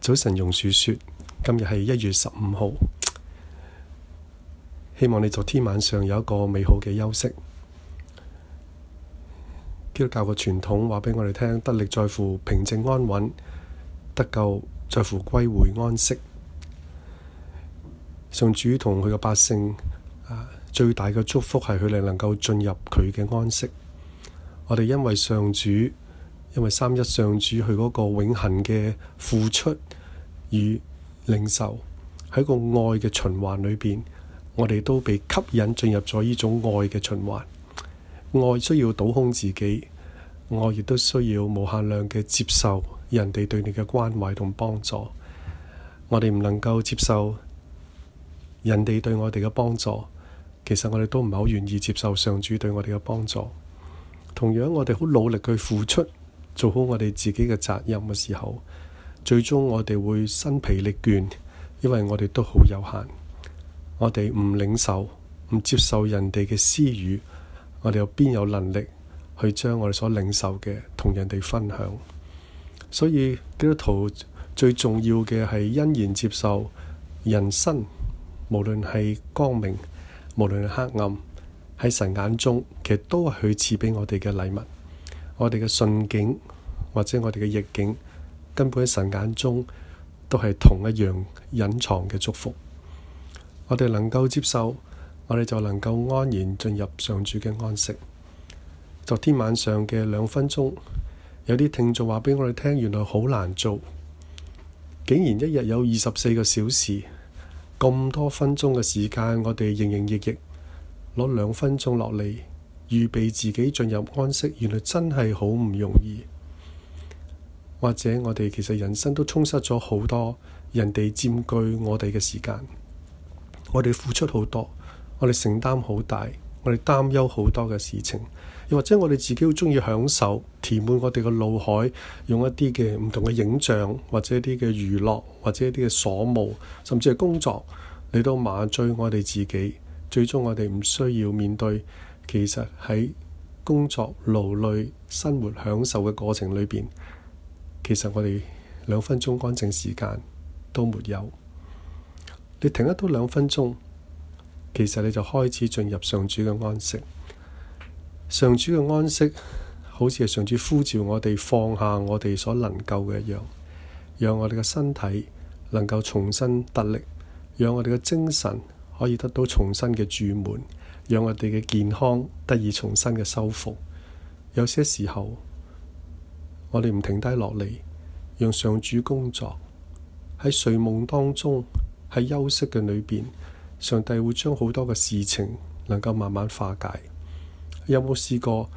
早晨，榕樹說：今日係一月十五號，希望你昨天晚上有一個美好嘅休息。基督教嘅傳統話畀我哋聽，得力在乎平靜安穩，得救在乎歸回安息。上主同佢嘅百姓啊，最大嘅祝福係佢哋能夠進入佢嘅安息。我哋因為上主，因為三一上主，佢嗰個永恆嘅付出。與領受喺個愛嘅循環裏邊，我哋都被吸引進入咗呢種愛嘅循環。愛需要倒空自己，愛亦都需要無限量嘅接受人哋對你嘅關懷同幫助。我哋唔能夠接受人哋對我哋嘅幫助，其實我哋都唔係好願意接受上主對我哋嘅幫助。同樣，我哋好努力去付出，做好我哋自己嘅責任嘅時候，最終我哋會身疲力倦，因為我哋都好有限。我哋唔領受，唔接受人哋嘅私語，我哋又邊有能力去將我哋所領受嘅同人哋分享？所以基督徒最重要嘅係欣然接受人生，無論係光明，無論係黑暗，喺神眼中其實都係佢賜畀我哋嘅禮物。我哋嘅順境或者我哋嘅逆境。根本喺神眼中都係同一樣隱藏嘅祝福，我哋能夠接受，我哋就能夠安然進入上主嘅安息。昨天晚上嘅兩分鐘，有啲聽眾話畀我哋聽，原來好難做，竟然一日有二十四個小時咁多分鐘嘅時間，我哋營營役役攞兩分鐘落嚟預備自己進入安息，原來真係好唔容易。或者我哋其實人生都充塞咗好多，人哋佔據我哋嘅時間，我哋付出好多，我哋承擔好大，我哋擔憂好多嘅事情，又或者我哋自己好中意享受，填滿我哋嘅腦海，用一啲嘅唔同嘅影像，或者一啲嘅娛樂，或者一啲嘅所務，甚至係工作嚟到麻醉我哋自己。最終我哋唔需要面對，其實喺工作勞累、生活享受嘅過程裏邊。其實我哋兩分鐘乾淨時間都沒有，你停得多兩分鐘，其實你就開始進入上主嘅安息。上主嘅安息，好似係上主呼召我哋放下我哋所能夠嘅一樣，讓我哋嘅身體能夠重新得力，讓我哋嘅精神可以得到重新嘅注滿，讓我哋嘅健康得以重新嘅修復。有些時候。我哋唔停低落嚟，讓上主工作，喺睡夢當中，喺休息嘅裏邊，上帝會將好多嘅事情能夠慢慢化解。有冇試過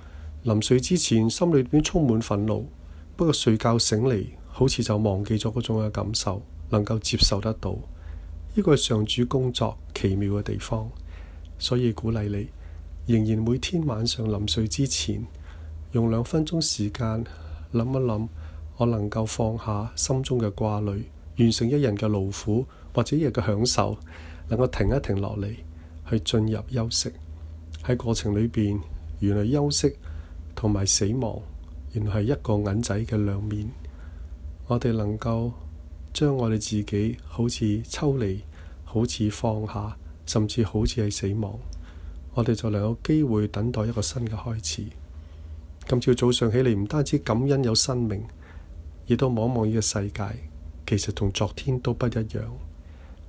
臨睡之前心裏邊充滿憤怒，不過睡覺醒嚟，好似就忘記咗嗰種嘅感受，能夠接受得到？呢個係上主工作奇妙嘅地方，所以鼓勵你仍然每天晚上臨睡之前用兩分鐘時間。諗一諗，我能夠放下心中嘅掛慮，完成一人嘅勞苦或者一日嘅享受，能夠停一停落嚟，去進入休息。喺過程裏邊，原來休息同埋死亡，原來係一個銀仔嘅兩面。我哋能夠將我哋自己好似抽離，好似放下，甚至好似係死亡，我哋就能有機會等待一個新嘅開始。今朝早上起嚟，唔單止感恩有生命，亦都望望呢個世界，其實同昨天都不一樣，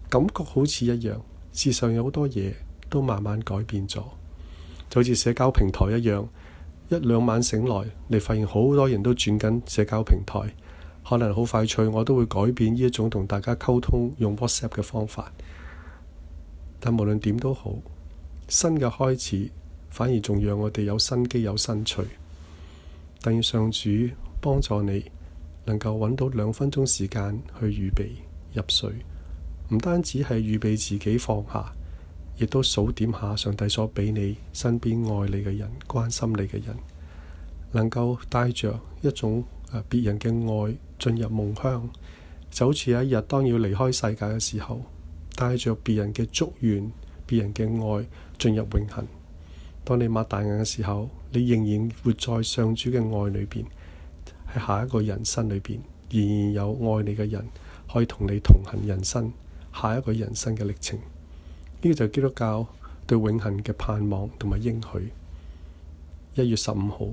感覺好似一樣，事實上有好多嘢都慢慢改變咗，就好似社交平台一樣，一兩晚醒來，你發現好多人都轉緊社交平台，可能好快脆。我都會改變呢一種同大家溝通用 WhatsApp 嘅方法。但無論點都好，新嘅開始反而仲讓我哋有新機有新趣。定上主幫助你，能夠揾到兩分鐘時間去預備入睡，唔單止係預備自己放下，亦都數點下上帝所俾你身邊愛你嘅人、關心你嘅人，能夠帶着一種別人嘅愛進入夢鄉，就好似一日當要離開世界嘅時候，帶着別人嘅祝願別人嘅愛進入永恒，當你擘大眼嘅時候。你仍然活在上主嘅愛裏邊，喺下一個人生裏邊，仍然有愛你嘅人可以同你同行人生，下一個人生嘅歷程。呢個就係基督教對永恒嘅盼望同埋應許。一月十五號，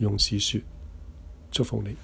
容氏說：祝福你。